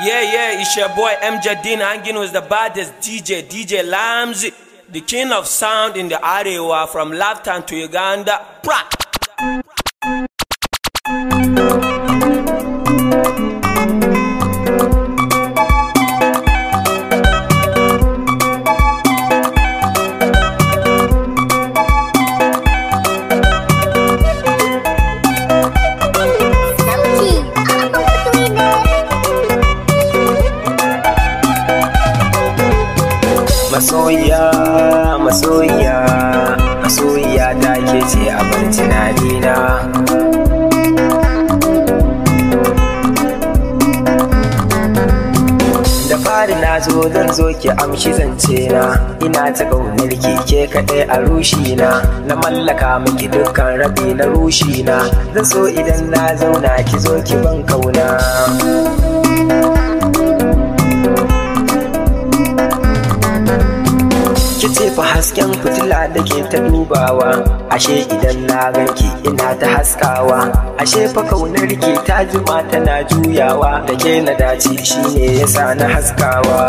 Yeah, yeah, it's your boy MJ Dean hanging with the baddest DJ, DJ Lamz, the king of sound in the area, from Laftan to Uganda. Prak! Ki zance na ina ta ƙaunar ke kaɗai a rushi na na mallaka miki dukkan rabi na rushi na zan so idan na zauna ki zo ki ban kauna ce fa hasken fitila da ke ta dubawa ashe idan na ganki ina ta haskawa ashe fa kaunar ke ta jima tana juyawa da ke na dace shine yasa na haskawa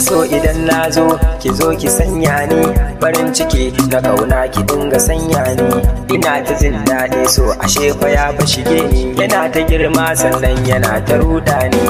so idan na zo ki zo ki sanya ni farin ciki na kauna ki dinga sanya ni ina ta jin daɗi so ashe fa ya fa shige ni yana ta girma sannan yana ta ruda ni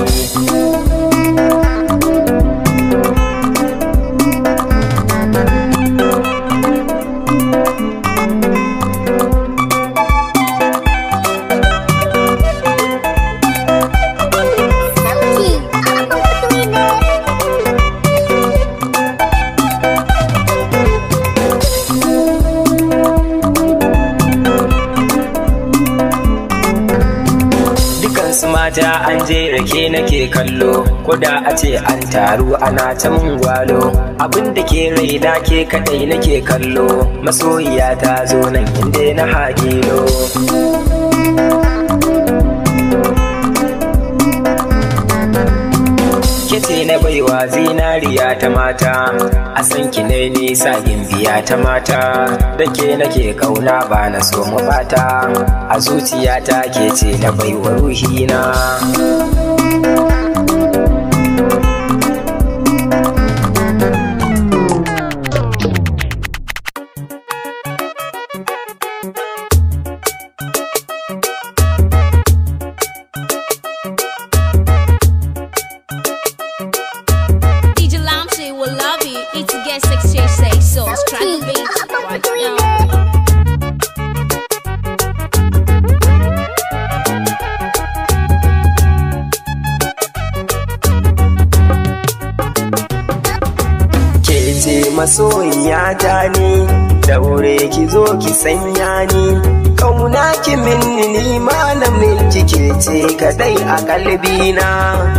koda a ce an taru ana ta mun gwalo abin da ke raina ke kadai nake kallo masoyiya ta zo nan inda na hakilo ce na baiwa zinariya ta mata a san ki ne nisa yin biya ta mata da ke nake kauna ba na so mu bata a zuciyata ke ce na baiwa ruhina kalbina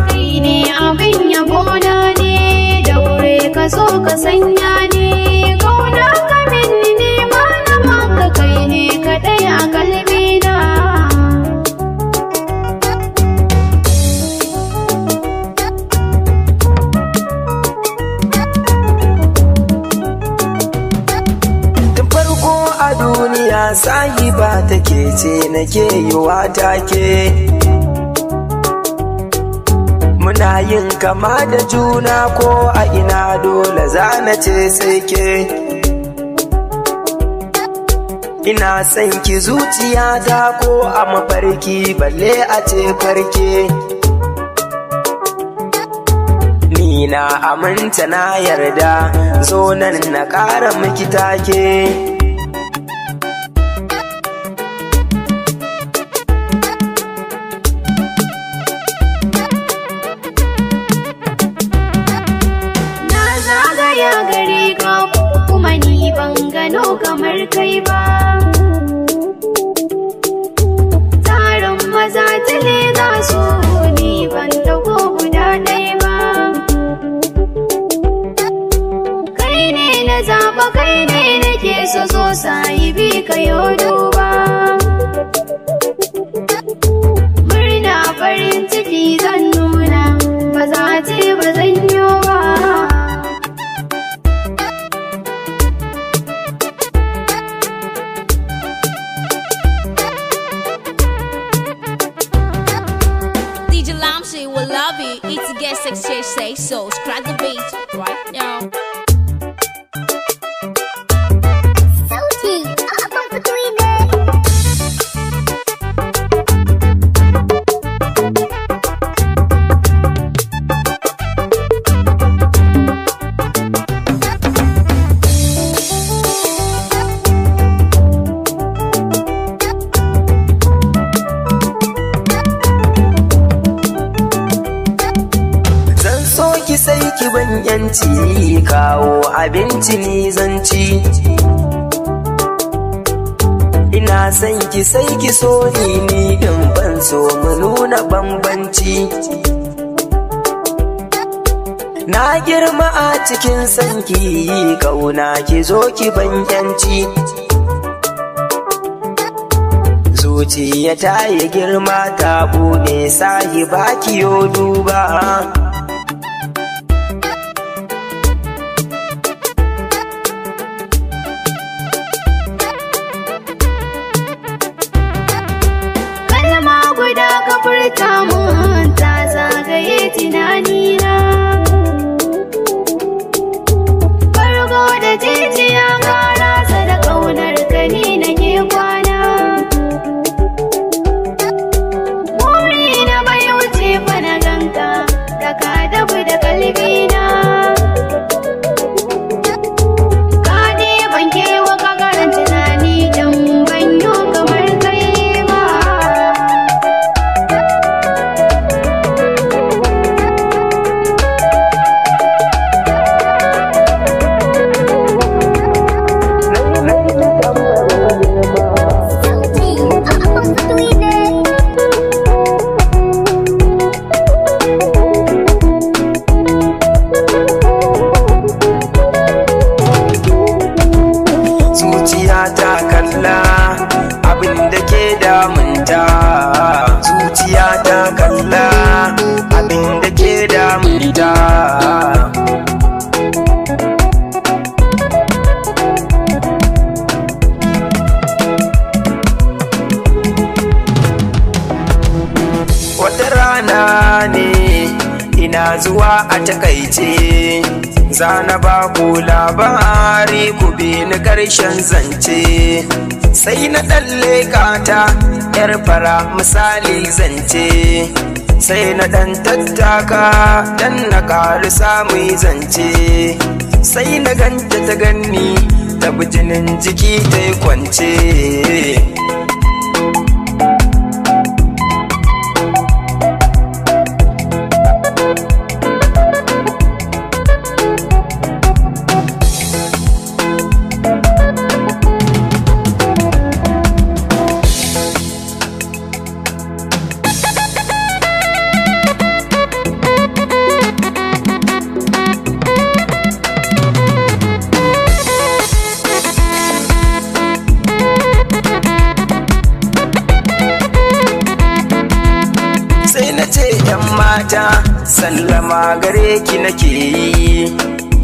kai abin ya gona ne da ka so ka sanya ne kauna ka minni ne ma na kai ne a kalbina tun farko a duniya sahiba take ce nake yiwa take na yin kama da juna ko a ina dole zana ce sai ke ina son ki zuciya ta ko a mafarki balle a ce farke ni na aminta na yarda zo nan na ƙara miki take yi kawo abinci ni zanci ina son ki sai ki so ni ni din ban so mu nuna bambanci na girma a cikin sanki kauna ki zo ki banyanci zuciya ta yi girma ta bude sahi ba ki yo duba bi na karshen zance sai na ɗan leƙata yar fara misali zance sai na ɗan tattaka dan na ƙari samu zance sai na ganta ta ganni ta bijinin jiki ta kwance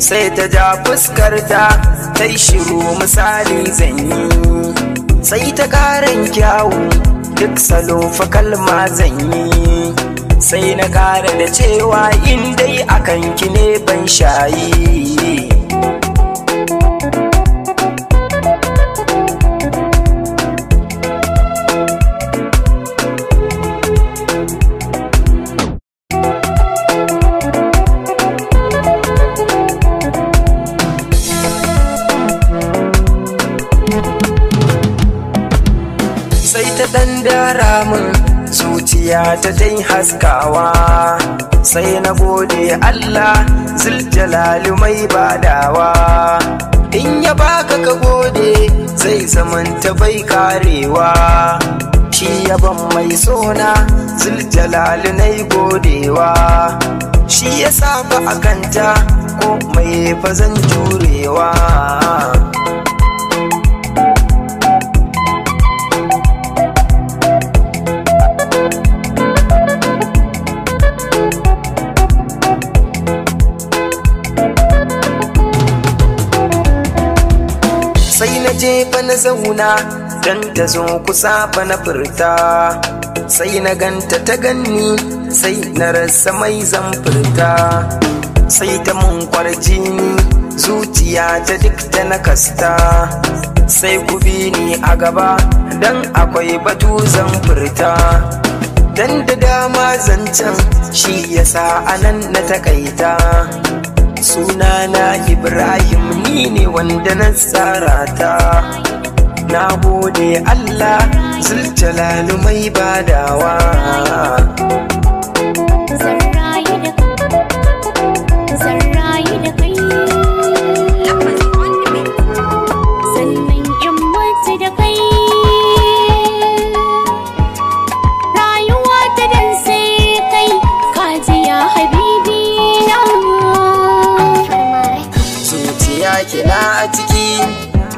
sai ta ja fuskarta ta yi shiru misali zanyi sai ta ƙara kyawu duk salo fa kalma zanyi sai na kara da cewa in dai akan ki ne ban shayi haskawa sai na gode Allah ziljalali mai badawa in ya baka ka gode zai zamanta bai karewa shi yaban mai sona ziljalali na yi godewa shi ya saba a kanta ko mai fazan jurewa je fa na zauna dan ta zo kusa fa na furta sai na ganta ta ganni sai na rasa mai zan furta sai ta mun kwarjini zuciya ta duk ta nakasta sai ku bi ni a gaba don akwai batu zan furta dan da dama zancen shi yasa anan na takaita sunana ibrahim ni ne wanda na tsara ta na gode Allah zuljalali mai badawa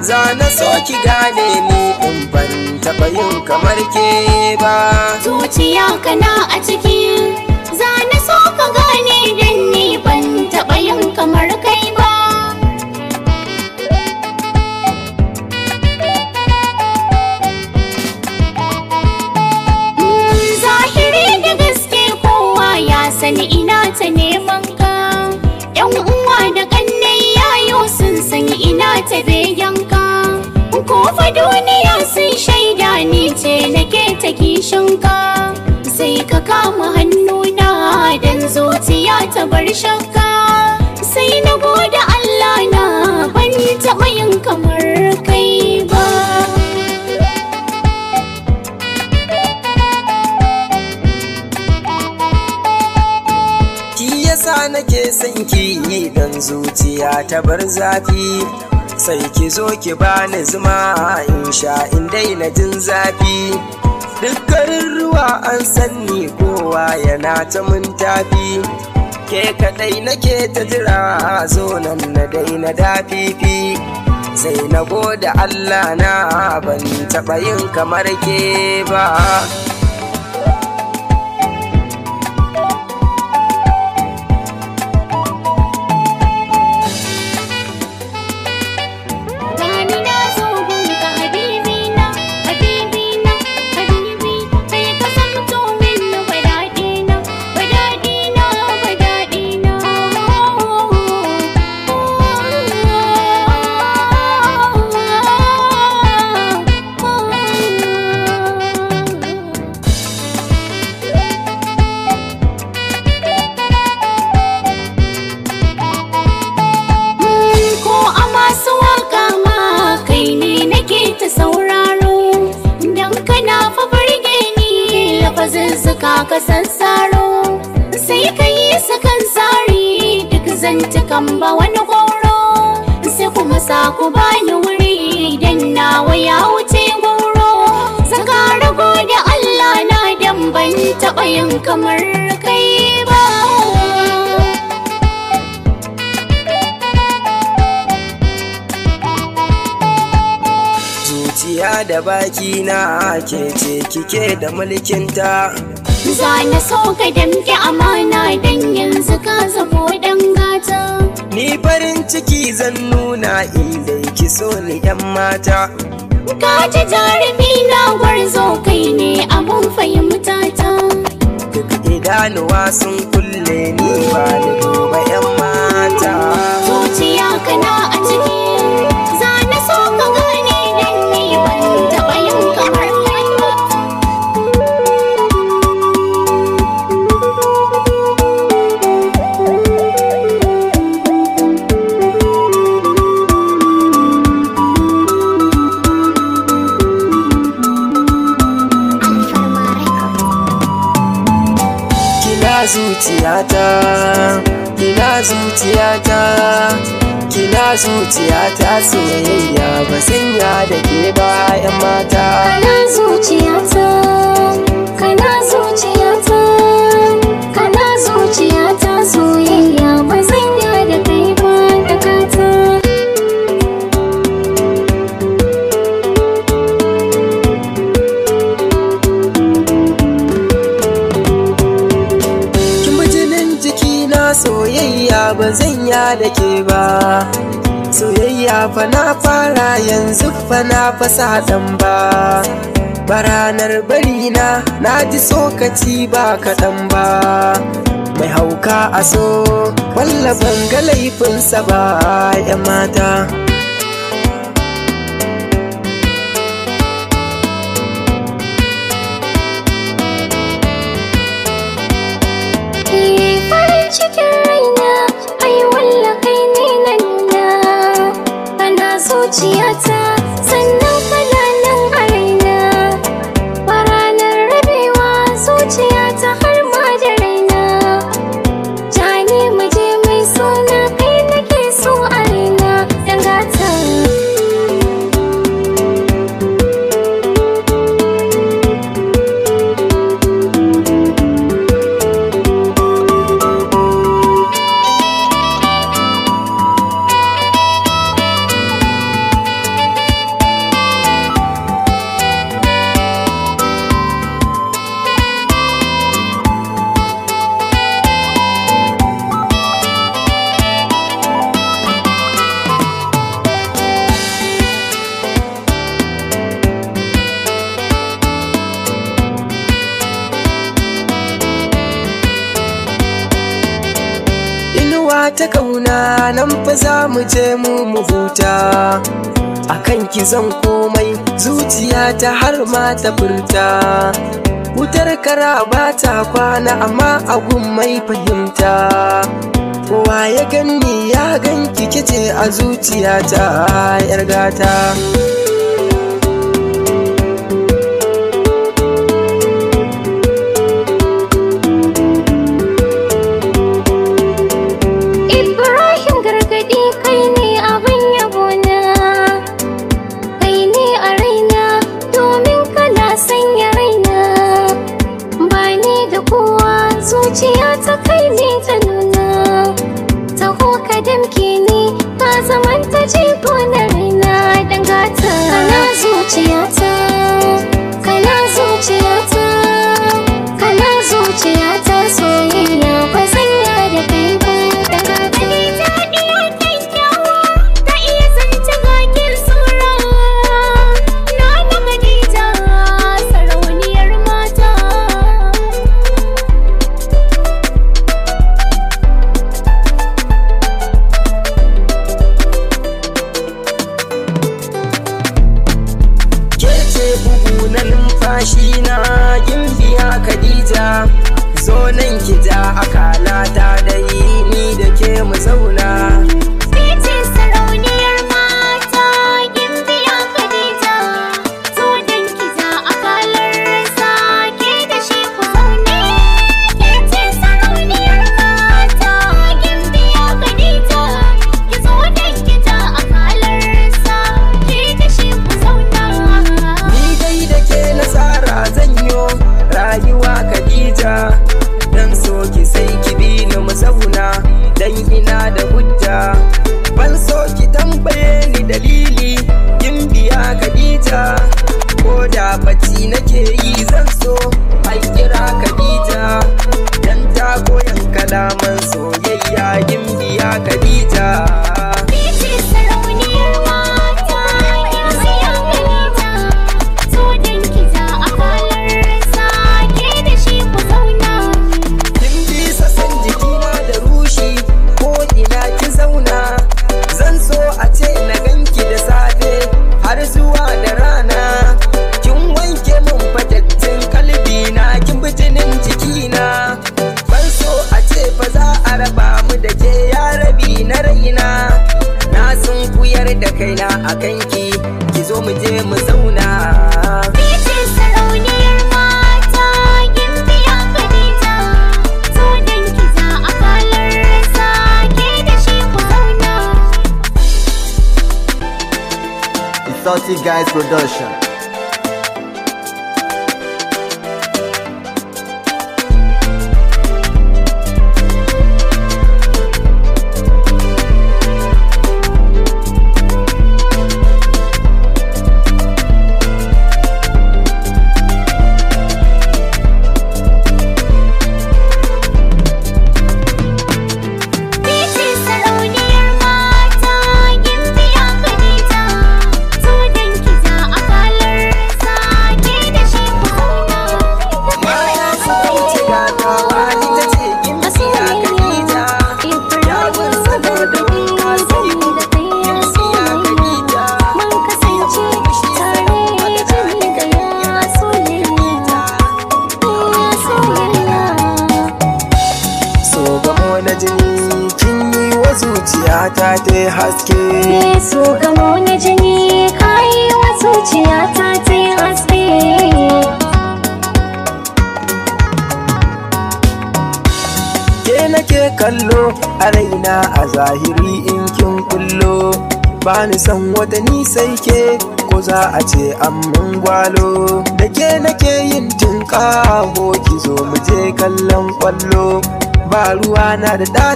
za na so ki gane ni in ban taɓa yin kamar ke ba zuciya kana a ciki za na so ka gane dan ni ban taɓa yin kamar kai ba mm, zahiri da gaske kowa ya sani ina ta neman ka 'yan san ina tafe yanka ko fa duniya sun shaida ni ce nake ta kishinka sai ka kama hannuna dan zuciya ta bar shakka sai na gode son ki yi dan zuciya ta bar zafi sai ki zo ki bani zuma in sha in daina jin zafi dukkanin ruwa an sanni kowa yana ta mun tafi ke kadai nake ta jira zo nan na daina dafifi sai na gode Allah na ban taɓa yin kamar ke ba ke da mulkinta Zana so ka damke amana dan yanzu ka zamo dan gata Ni farin ciki zan nuna inda ki so ni yan mata Ka ji jarumi na gwarzo kai ne abun fahimta ta Duk idanuwa sun kulle ni ba da duba yan mata Zuciya kana a ciki zuciyata kina zuciyata kina zuciyata soyayya ba sanya da ke ba 'yan mata kana zuciyata kana zuciyata manya da ke ba soyayya fa na fara yanzu fa na fasa dan ba baranar bari na na ji tsokaci ba kaɗan ba mai hauka a so walla ban ga laifinsa ba 'yan mata a nan fa za mu je mu mu huta akan ki zan komai zuciya ta har ma ta furta wutar kara ba ta kwana amma agun mai fahimta kowa ya ganni ya ganki kice a zuciyata yar gata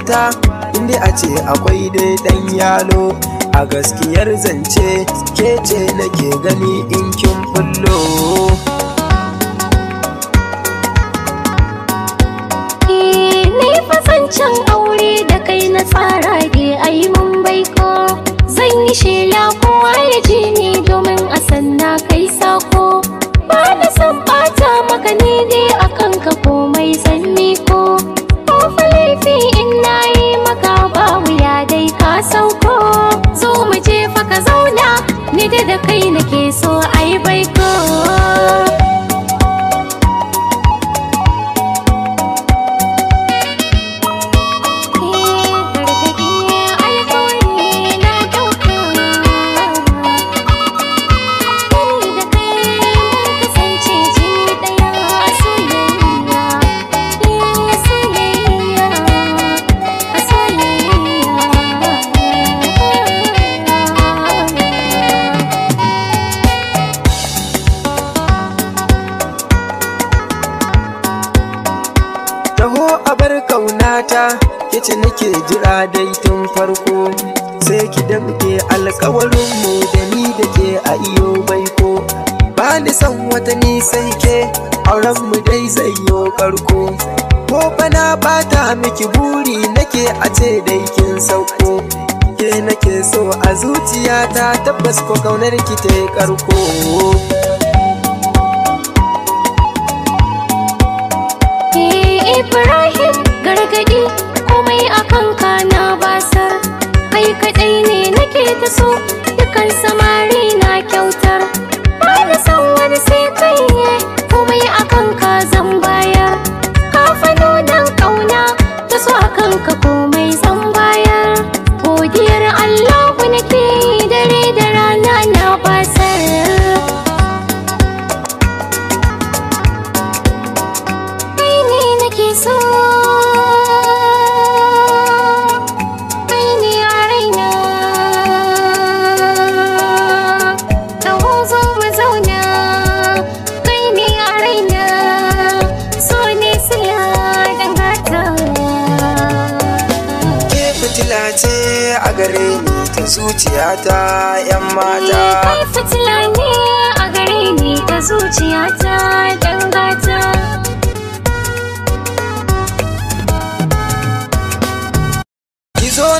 mata inda a ce akwai dai dan yalo a gaskiyar zance ke ce nake gani in kin fullo. வைக்கும் kasikoka unerikite karukuu zuciyata yan mata kai fitila a gare ni ta zuciyata dangata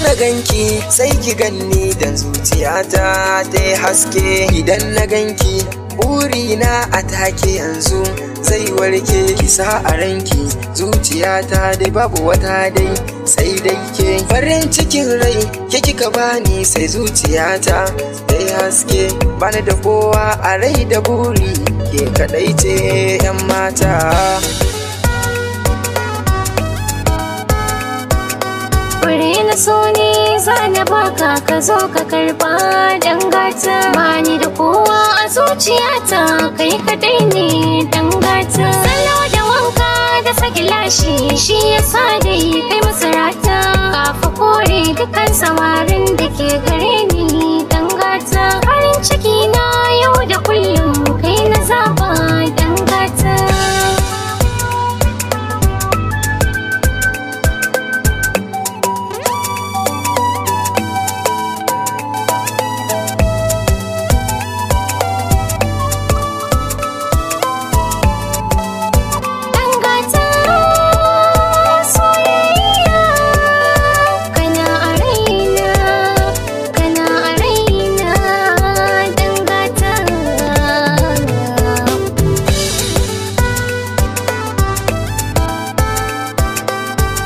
na ganki sai ki ganni da zuciyata ta yi haske idan na ganki burina a take yanzu zai warke ki sa a ranki zuciyata dai babu wata dai sai dai ke farin cikin rai ke kika bani sai zuciyata ta yi haske bani da kowa a rai da buri ke kadai ce yan mata da so ne zana baka ka zo ka karba dangata. Ba bani da kowa a zuciyata kai kadai ne dangata. gata da wanka da saki lashi shi yasa dai kai masarata kafa kore dukan samarin da ke gare ni dangata. gata farin ciki na yau da kullum kai na zaba dangata.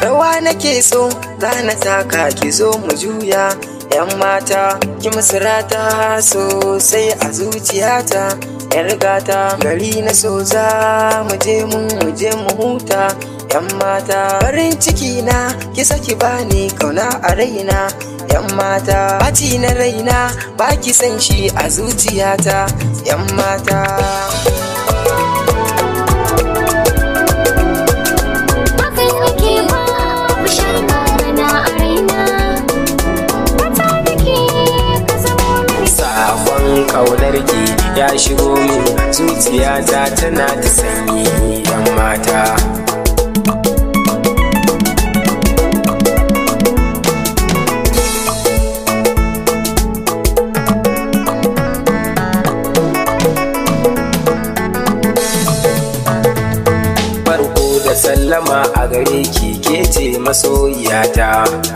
rawa nake so za na taka ki zo mu juya yan mata ki musirata sosai a zuciyata yan rigata gari na so za mu je mu, mu je mu huta yan mata farin ciki na ki saki bani kauna a raina yan mata bati na raina baki san shi a zuciyata yan mata ƙaunar ya shigo min zuciya ta tana ta sanyi yan mata sallama a gare ki kece masoyiyata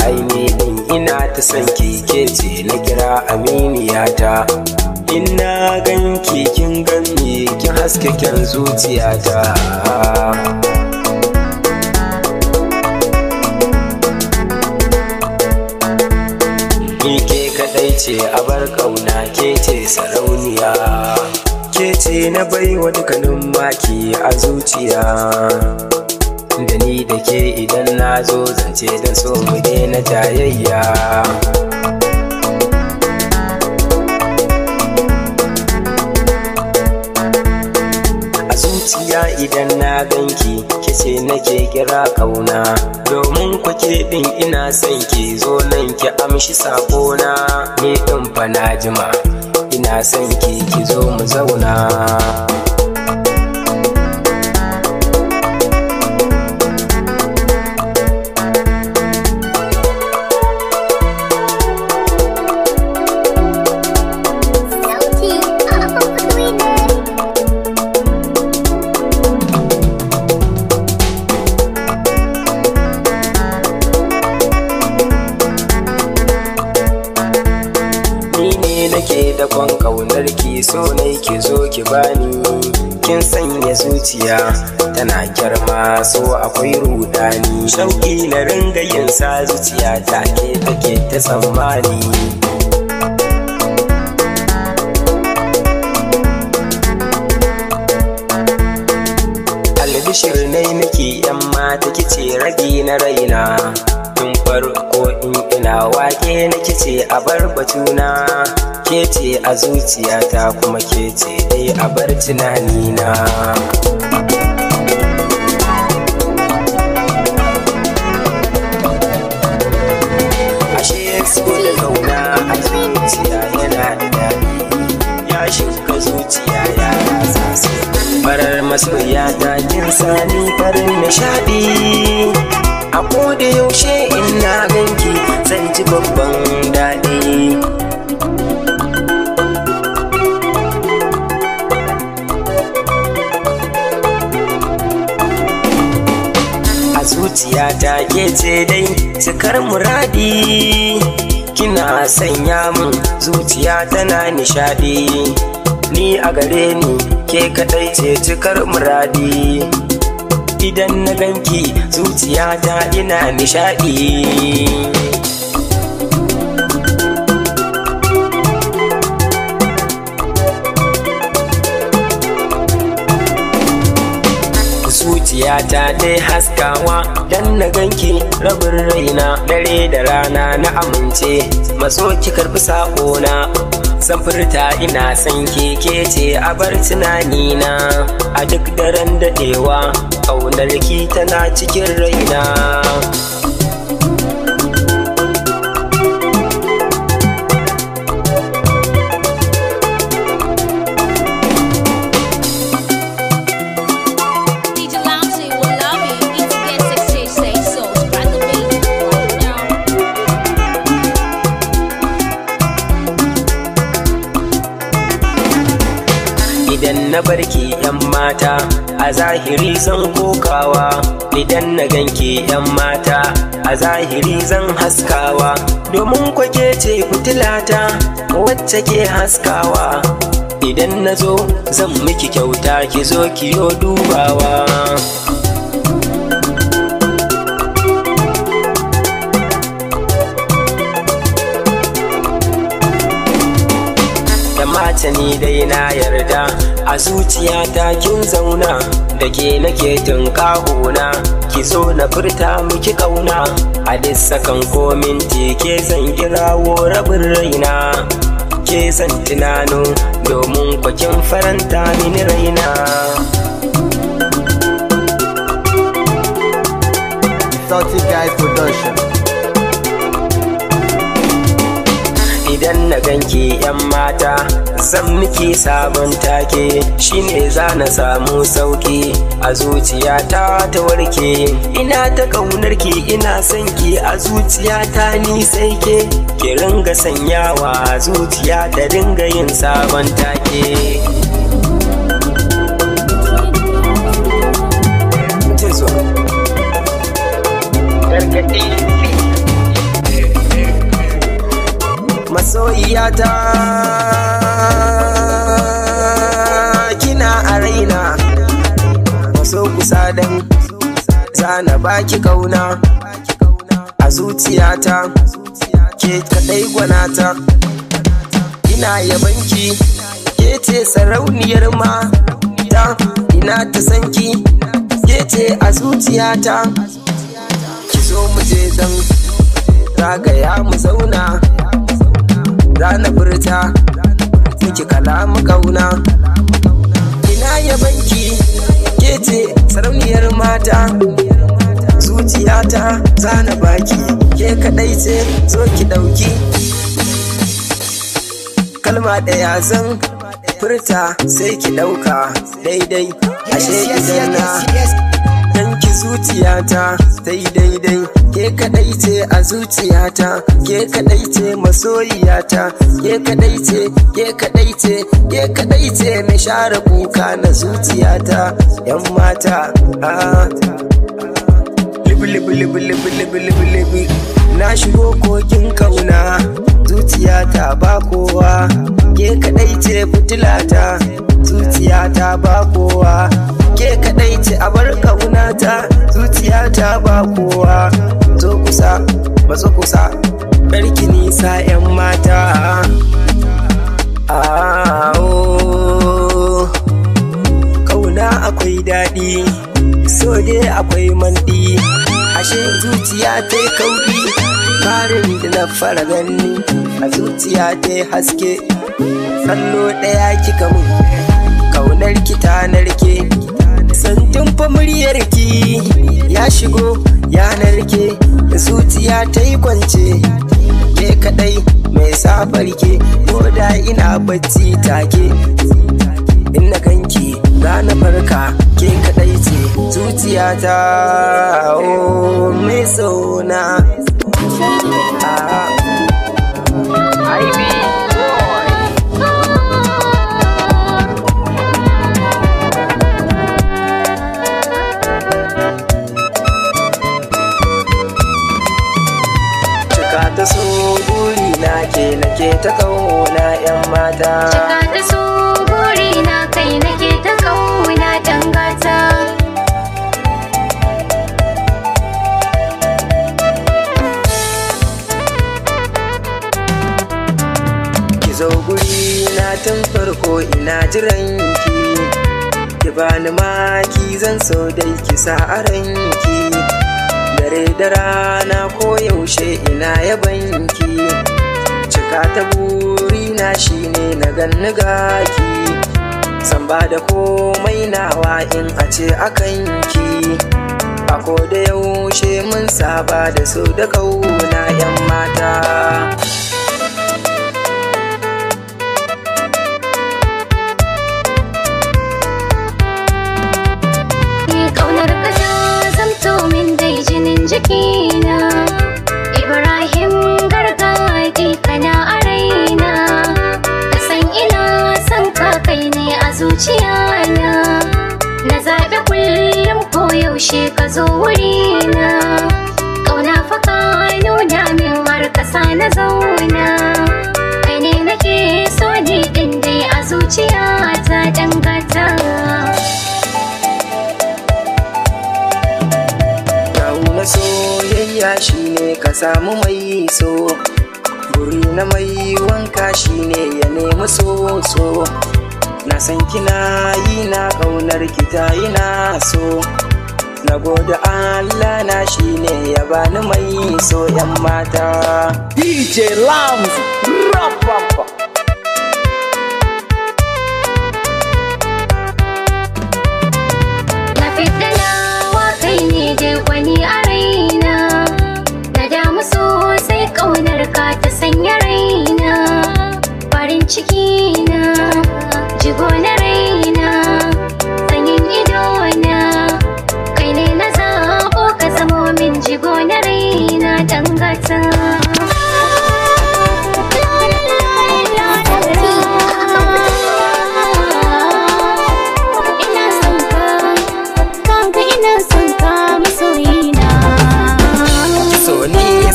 ainihin ina ta san ki kece na kira aminiyata in na ganki kin ganni kin haske kyan zuciyata ke kadai ce abar kauna ke ce sarauniya ke ce na baiwa dukkanin maki a zuciya da ni da ke idan na zo zance da so mu na jayayya gaskiya idan na ganki kice nake kira kauna domin kwake din ina son ki zo nan ki amshi sako na, ni din fa na jima ina son ki ki zo mu zauna so ne ke zo ki bani kin sanya zuciya tana girma so akwai rudani shauki na ringa yin sa zuciya ta ke take ta tsammani nai nake yan mata kice ragi na raina tun farko in ina wake na ce a bar batuna ke a zuciyata kuma ke ce dai a bar tunanina ashe so da zauna a zuciya yana da daɗi ya shuka zuciya ya rasa su marar masoya ta kin sani farin nishaɗi a koda yaushe ina ganki zan ji babban daɗi ya ke ce dai cikar muradi kina sanya min zuciya tana nishadi ni a gare ni ke kadai ce cikar muradi idan na ganki zuciya ta ina nishadi zuciyata ta haskawa dan na ganki rabin raina dare da rana na amince maso ki karbi sakona san furta ina san keke ce a bar tunani na a duk daren daɗewa, ƙaunar ki tana cikin raina na barki yan mata a zahiri zan kokawa idan na ganke yan mata a zahiri zan haskawa domin kwake ce fitilata wacce ke haskawa idan na zo zan miki kyauta ki zo ki yo dubawa ta ni dai na yarda a zuciyata kin zauna da ke nake na ki zo na furta miki kauna a sakan komin minti ke zan kirawo rabin raina ke san tunano domin kwakin faranta mini raina Salty Guys Production idan na ganki yan mata zan miki sabon take shine za na samu sauki a zuciyata ta warke ina ta ƙaunarki ina son ki a zuciyata ni sai ke ki ringa sanyawa zuciya ta ringa yin sabon take you. ta kina a raina maso kusa dan zana baki kauna a zuciyata ke kadai gwanata ina yabanki ke ce sarauniyar ma ta ina ta sanki ke ce a zuciyata ki zo mu je dan zagaya mu zauna rana furta miki kalamu kauna ina ya banki kece sarauniyar mata zuciyata zana baki ke kadai ce zo ki dauki kalma ɗaya zan furta sai ki ɗauka daidai ashe idan danki zuciyata ta yi daidai ke kadai ce a zuciyata ke kadai ce masoyiyata ke kadai ce ke kadai ce ke kadai ce mai share kuka na zuciyata yan mata ah, na shigo kokin kauna zuciyata ba kowa ke kadai ce fitilata zuciyata ba kowa ke kadai ce a bar ta zuciya ta ba kowa zo kusa matso kusa barki nisa yan mata awo oh. kauna akwai daɗi so dai akwai mandi ashe zuciya ta kauri farin da na fara gani a zuciya ta haske tsallo ɗaya kika mun kaunar ki ta narke tun fa muryarki ya shigo yanar ke zuciya ta yi kwance ke kadai mai safarke ko da ina bacci take ina ganki rana farka ke kadai ce zuciya ta o mai sauna Ivy ke nake ta kauna yan mata cika ta su guri na kai nake ta kauna dangata ki zo guri na tun farko ina jiran ki ki bani maki zan so dai ki sa a dare da rana ko yaushe ina yabanki ka ta burina shine na ganni ki, san ba da komai nawa in a ce akan ki a da yaushe mun saba da su da kauna 'yan mata jiki ciyana na zaɓi kullum koyaushe ka zo wuri na ƙauna fa ka nuna min har ƙasa na zauna kai ne nake so ni ɗin dai a zuciya ta dangata na soyayya shine ka samu mai so buri na mai wanka shine ya nemi so so san yi na ƙaunar kita ina so na gode Allah na shi ne ya bani mai so yan mata DJ Lams Rapapa Na fitana wa kai ne dai wani a raina Na damu sosai ƙaunar ka ta sanya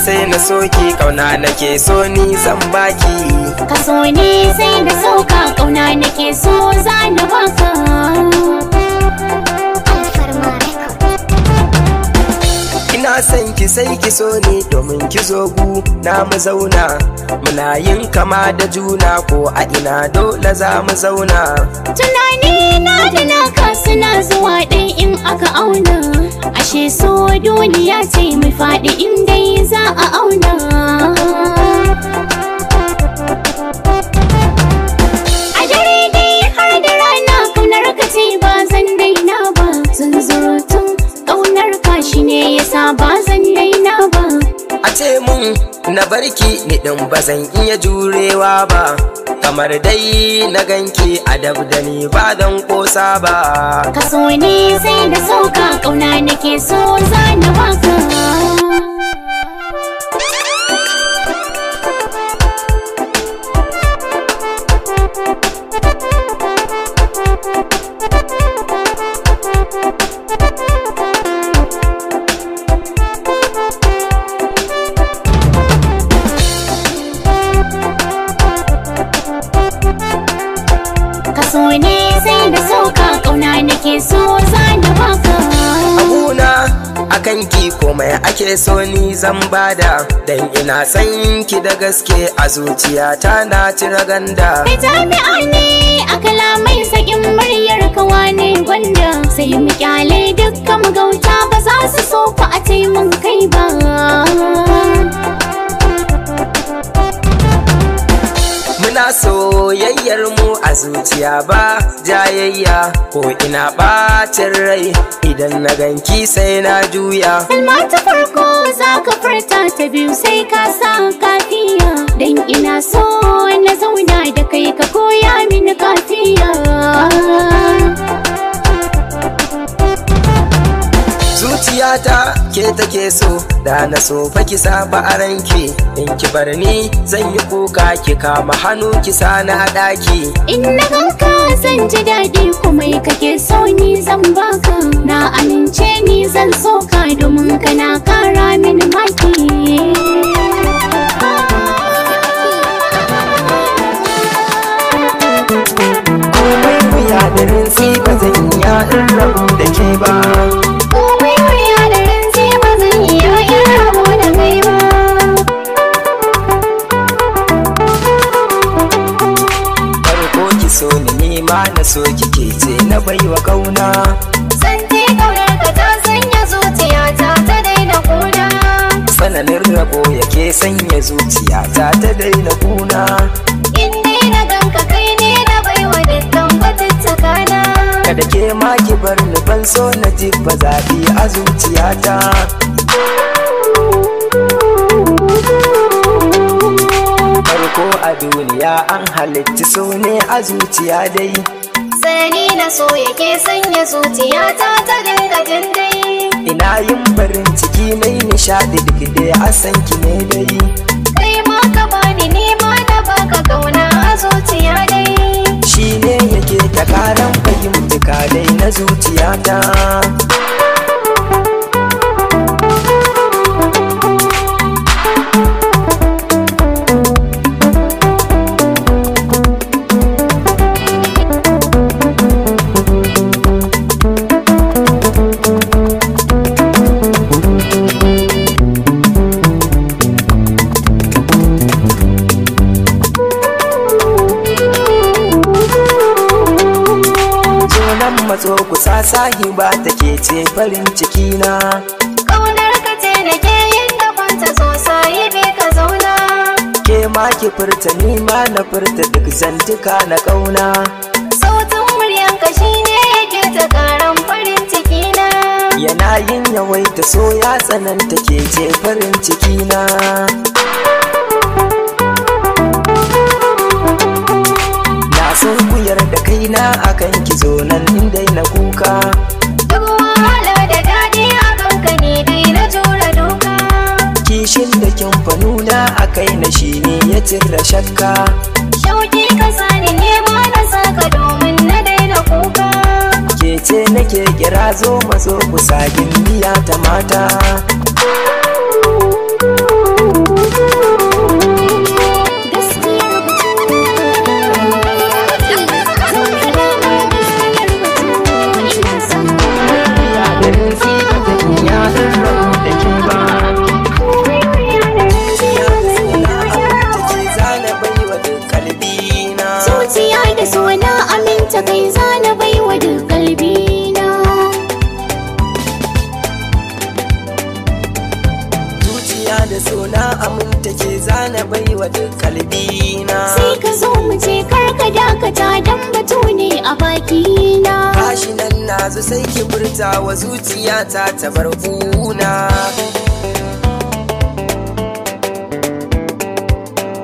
sai na soki kauna nake so ni zan baki ka so ni sai na sauka kauna nake so za na baka na san ki sai ki so ne domin ki zo gu na mu zauna muna yin kama da juna ko a ina dole za mu zauna tunani na da naka suna zuwa ɗan in aka auna ashe so duniya ce mu faɗi in dai za a auna a mun na barki ni din ba zan iya jurewa ba kamar dai na ganki a dabdani ba don kosa ba kaso ne sai da sauka kauna nake so zana waka kanki ki komai ake so ni zan bada dan ina san ki da gaske a zuciyata na tira ganda kai jami'a ne a kalamai sakin muryar kawa ne gwanda sai mu kyale dukkan gauta ba za su so ku a taimun kai ba ina soyayyar mu a zuciya ba jayayya ko ina bacin rai idan na ganki sai na juya salma ta farko za ka furta ta biyu sai ka sa kafiya dan ina so na zauna da kai ka koya mini kafiya zuciyata ke take so da na so fa ki saba a ranki in ki bar ni zan yi kuka ki kama hannu ki sani a daki in na ganka zan ji daɗi kuma kake so ni zan baka na amince ni zan so ka domin kana kara min maki da rinsi ba zan iya in rabu da ke ba so ni nima na so kike ce na baiwa kauna santi kaunar ka ta sanya zuciyata ta daina kuna Sananin rabo yake sanya zuciyata ta daina kuna in dai na ganka kai ne na baiwa dukkan batuttaka kada ke ma ki bar ni ban so na ji ba a zuciyata a duniya an halitti so ne a zuciya dai sani na so yake sanya zuciya ta ta dinga jin dai ina yin farin ciki mai nishadi duk da a san ki ne dai kai ma ka bani ne ma da baka kauna a zuciya dai shine yake ta karan fahimci kadai na zuciya zuciyata ya sahiba take ce farin ciki na kaunar ka ce nake yin da kwanta sosai bai ka zauna ke ma ki furta ni ma na furta duk zantuka na ƙauna. sautin muryan ka shine yake ta karan farin ciki na yana yin yawaita so ya tsananta ke ce farin ciki na na akan ki zo nan in kuka duk wahala da daɗi a na duka kishin da kin fanuna a kai na shi ne ya tira shakka shauki ka sani ne ma na saka domin na daina kuka ke ce nake kira zo mazo kusa biya ta mata wa zuciyata ta bar kuna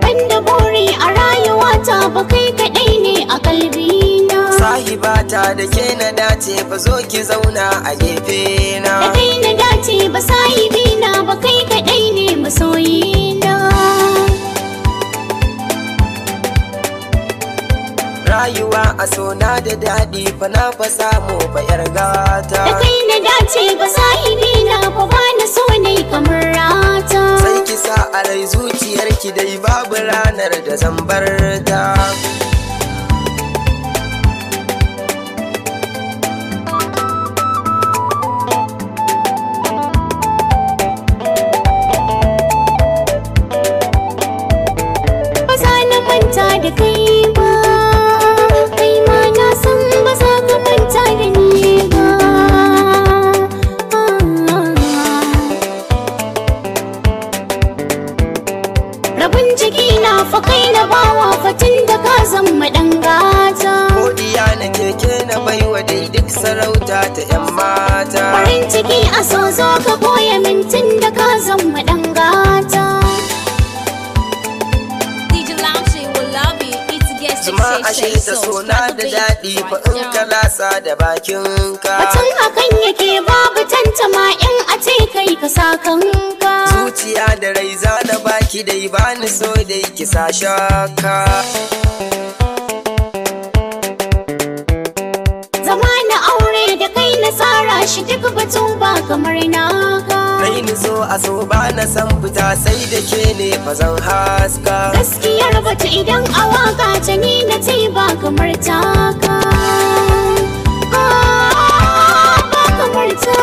Banda buri a rayuwata ba kai kaɗai ne a kalbina Sahibata da ke na dace ba zo ki zauna a gefe na Da kai na dace ba sahibina ba kai kaɗai ne masoyi a na da daɗi fa na fa samu fa yar gata da kai na dace ba sahibi na fa ba na so ne kamar rata sai ki sa a rai zuciyarki dai babu ranar da zan bar ta ta baiwa dai duk sarauta ta yan mata farin ciki a so zo ka boye mintin da ka zama dan gata Zuma ashe ta suna da daɗi fa in ka lasa da bakinka. Batun hakan yake babu tantama in a ce kai ka sa kanka. Zuciya da rai za na baki dai bani so dai ki sa shaka. kai na tsara shi duk batun ba kamar naka kai ni so a so ba na san fita sai da ke ne bazan haska gaskiyar bata idan a waka ta ni na ce ba kamar taka ah, ba kamar taka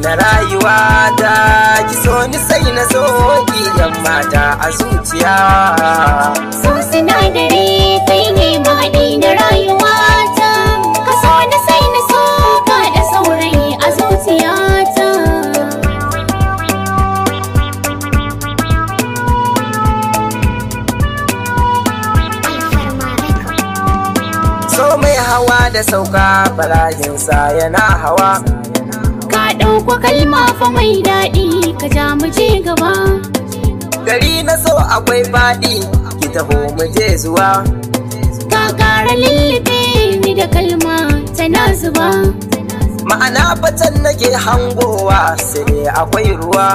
na rayuwa ta ki so ni sai na so ki mata a zuciya so sinadari kai ne maɗi na rayuwa ta ka so ni sai na so ka da saurayi a zuciya ta so mai hawa da sauka sa yana hawa kwa kalma fa mai daɗi ka ja mu je gaba. Gari na so akwai faɗi ki taho mu je zuwa. Ka ƙara lullube ni da kalma tana zuba. Ma'ana fatan nake hangowa sai akwai ruwa.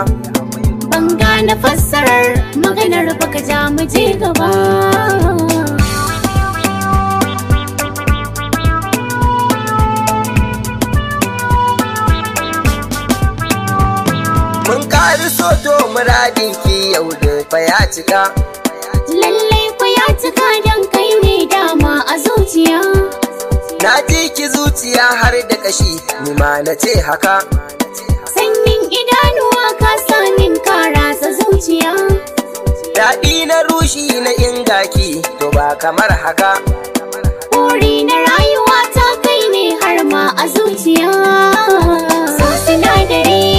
Banga na fassarar maganar baka ja mu je gaba. Mun ƙari soto muradin ki yau da fa ya cika. Lalle fa ya cika don kai ne dama a zuciya. Na ji ki zuciya har da kashi, ni ma na ce haka. Sanyin idanuwa ka sanin sa zuciya. Daɗi na rushi na ingaki, to ba kamar haka. Kori na rayuwa ta kai ne har ma a zuciya. Sun sinadari.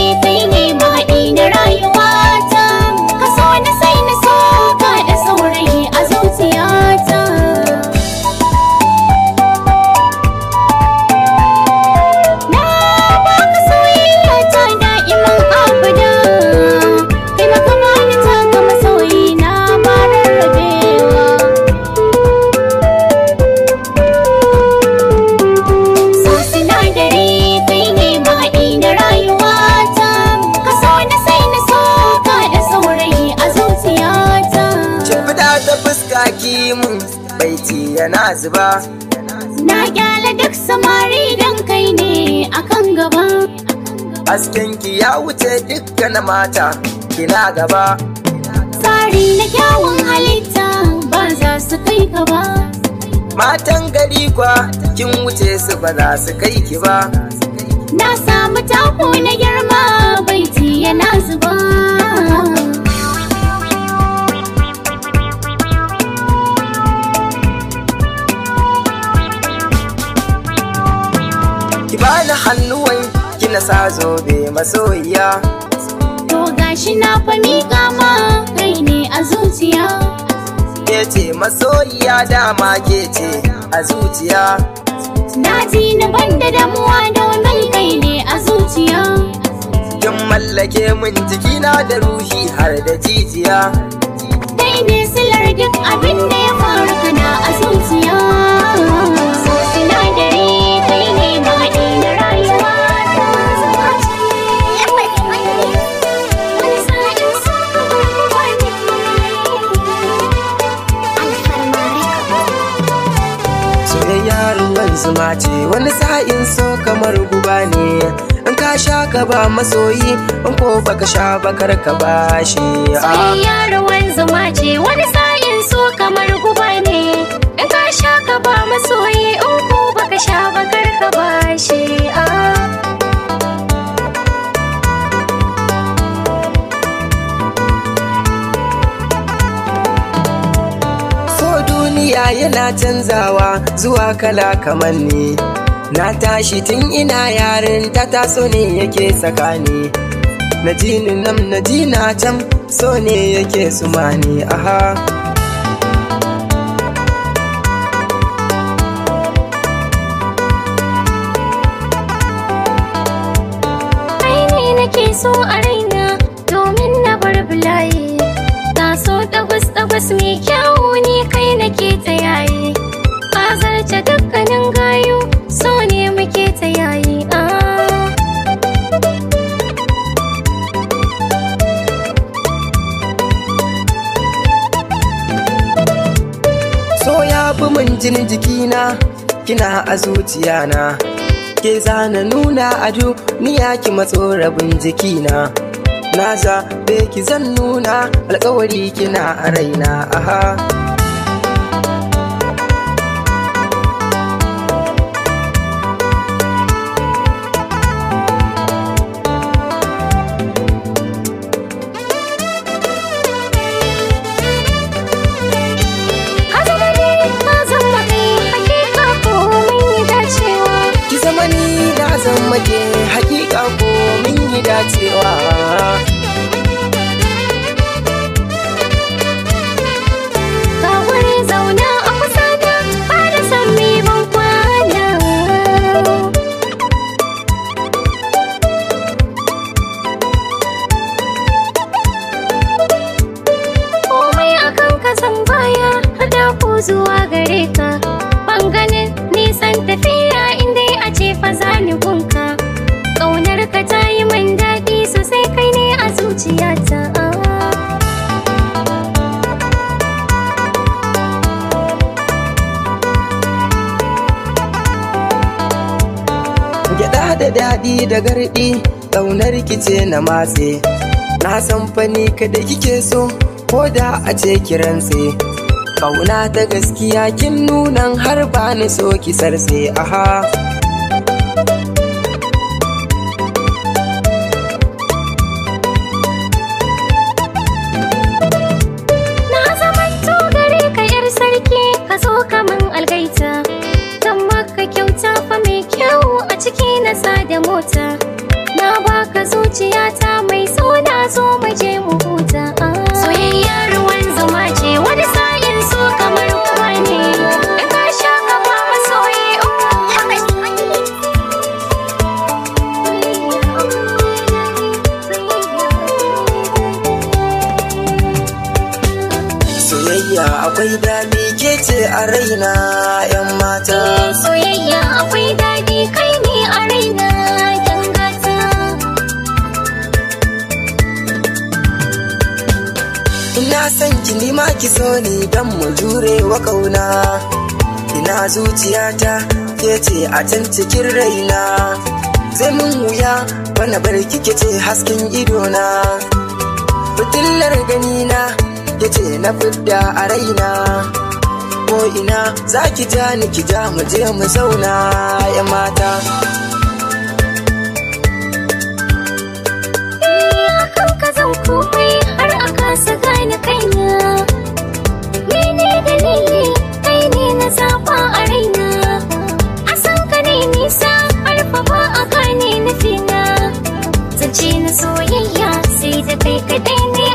mun baiti yana zuba na kyale duk samari dan kai ne akan gaba ki ya wuce dukkan mata kina gaba tsari na kyawun halitta ba za su kai ka ba matan gari kwa kin wuce su ba za su kai ki ba na samu tako na girma baiti yana zuba bani hannuwan kina sa zobe masoyiya to gashi na fa miƙa ma kai ne a zuciya ke ce masoyiya dama ke ce a zuciya na ji na banda damuwa domin kai ne a zuciya kin mallake min na da ruhi har da jijiya kai ne silar duk abin da ya faru kana a zuciya zuma ce wani sa'in so kamar guba ne in ka sha ka ba masoyi in ko baka sha bakar ka ba shi soyayya ruwan zuma ce wani sa'in so kamar guba ne in ka sha ka ba masoyi in ko baka sha bakar ka ba shi gaskiya yana canzawa zuwa kala kamar ni na tashi tun ina yarin ta taso ne yake tsakani na ji ni nan na ji can so ne yake sumani aha nake so a raina domin na bar bulaye ta so dagwas dagwas mai kyau a zuciya na ke zana nuna a duniya ki matso rabin jikina na zaɓe ki zan nuna alkawari kina a raina aha daɗi da garɗi ɗaunar kice na matse na san fani kada kike so ko da a ce ki kauna ta gaskiya kin nunan har ba ni so ki sarse aha da mota zuciyata ke ce a can cikin raina sai mun wuya bana bar kike ce hasken idona fitilar ganina ke ce na fidda a raina ko ina za ki ja ni ki ja mu je mu zauna ya mata eh, Kan ka zan komai har aka kasa gane kaina So sai see the ka daina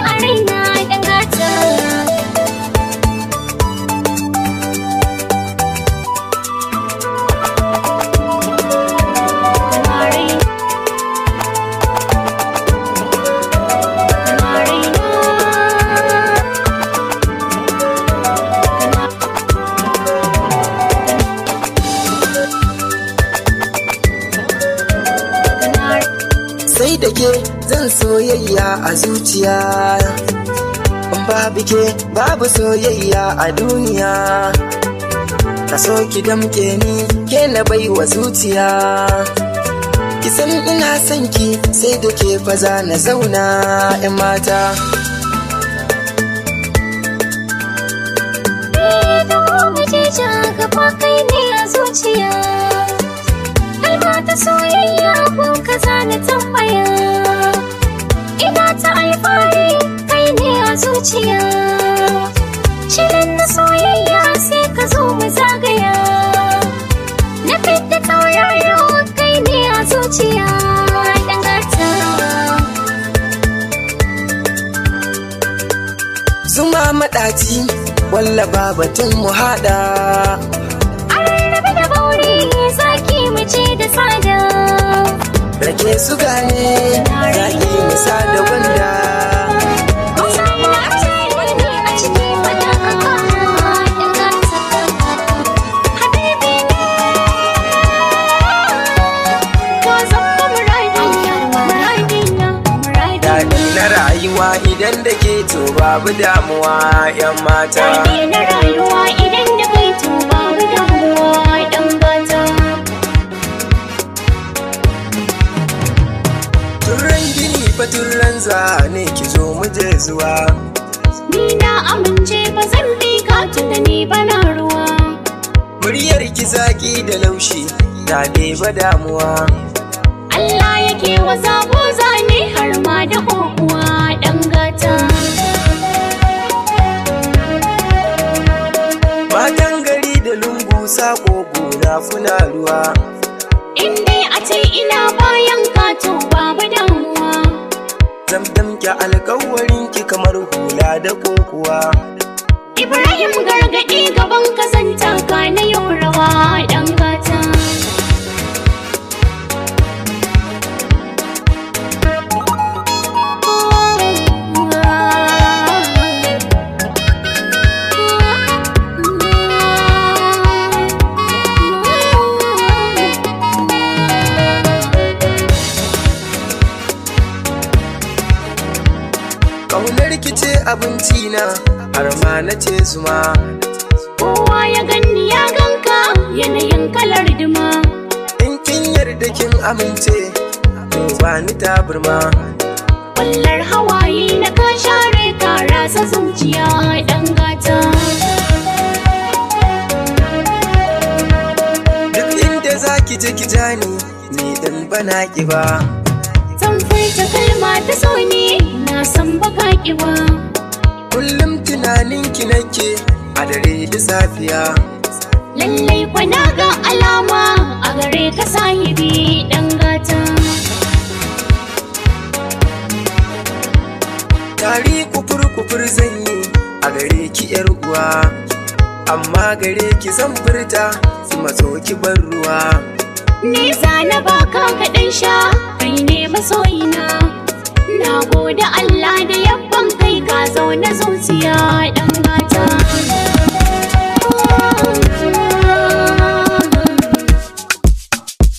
Bike babu soyayya a duniya ka so ki damke ni ke na bai wa zuciya ki san ina son ki sai da ke faza na zauna 'yan mata batun mu haɗa. Arrabe da bauri zaki mu ce da sada. Rake su gane zaki mu sada wanda. nan da ke to babu damuwa yan mata na rayuwa idan da kai to babu damuwa yan mata Turan gini fa turan zane ki zo mu je zuwa Ni na amince ba zan bi ka da ni bana ruwa Muryar ki zaki da laushi ta ba damuwa Allah yake wa zabo zane har ma da kokuwa dan Matan gari da lungu sako gona funa ruwa. Indai a ce ina bayan kato babu damuwa. Zamdam ki alkawarin ki kamar hula da kokuwa. Ibrahim gargaɗi gaban kasa. cina har ma na ce zuma kowa ya ganni ya ganka yanayin kalar duma in kin yarda kin amince to ba ni ta taburma wallar hawaye na ka share ka rasa zuciya dan gata duk inda zaki je ki jani ni dan bana ki ba zan ta kalma ta so na san baka ki ba kullum tunaninki nake a dare da safiya lallai kwana ga alama a gare ka sahibi ɗan gata tari kufur kufur zan yi a gare ki yar uwa amma gare ki zan furta su matso ki ban ruwa nisa na baka kaɗan sha kai ne masoyina na gode Allah da yabban ga zaune zuciya ɗan gata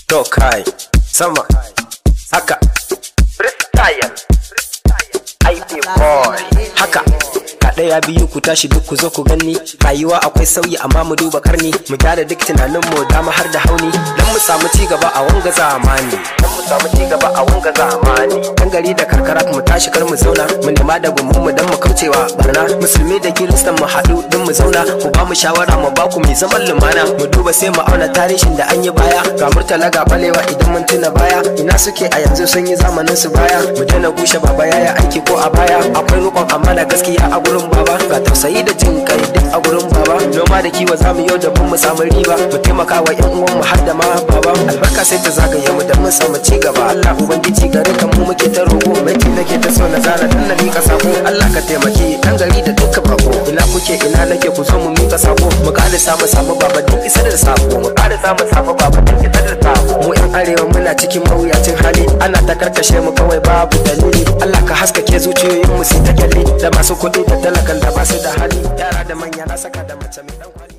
to kai sama haka freestyle boy ya biyu ku tashi duk ku zo ku ganni rayuwa akwai sauyi amma mu duba karni mu gyara duk tunanin mu dama har da hauni dan mu samu ci gaba a wanga zamani dan mu samu ci gaba a wanga zamani dan gari da karkara mu tashi kar mu zauna mu nema da gumin mu dan mu kaucewa barna musulmi da kiristan mu haɗu dan mu zauna ku ba mu shawara mu ba ku mai zaman lumana mu duba sai mu auna tarihin da an yi baya ga murtala ga balewa idan mun tuna baya ina suke a yanzu sun yi zamanin su baya mu daina gushe baba yaya aiki ko a baya akwai rukon amana gaskiya a gurin baba ga tausayi da jin kai duk a gurin baba noma da kiwo za mu yau da mu samu riba mu taimaka wa yan uwan mu har da ma baba albarka sai ta zagaye mu da mun samu ci gaba Allah ubangiji gare ka mu muke ta roƙo baki nake ta so na zara dan nan ka sako Allah ka taimake dan gari da duka bako ina kuke ina nake ku so mu mika sako mu kada samu samu baba duk isar da sako mu kada samu samu baba duk isar da sako mu yan arewa muna cikin mawuyacin hali ana ta karkashe mu kawai babu dalili Allah ka haskake zuciyoyin mu sai ta kyalle da masu kuɗi da kan da ba su da hali yara da manya na saka da mace mai dan kwali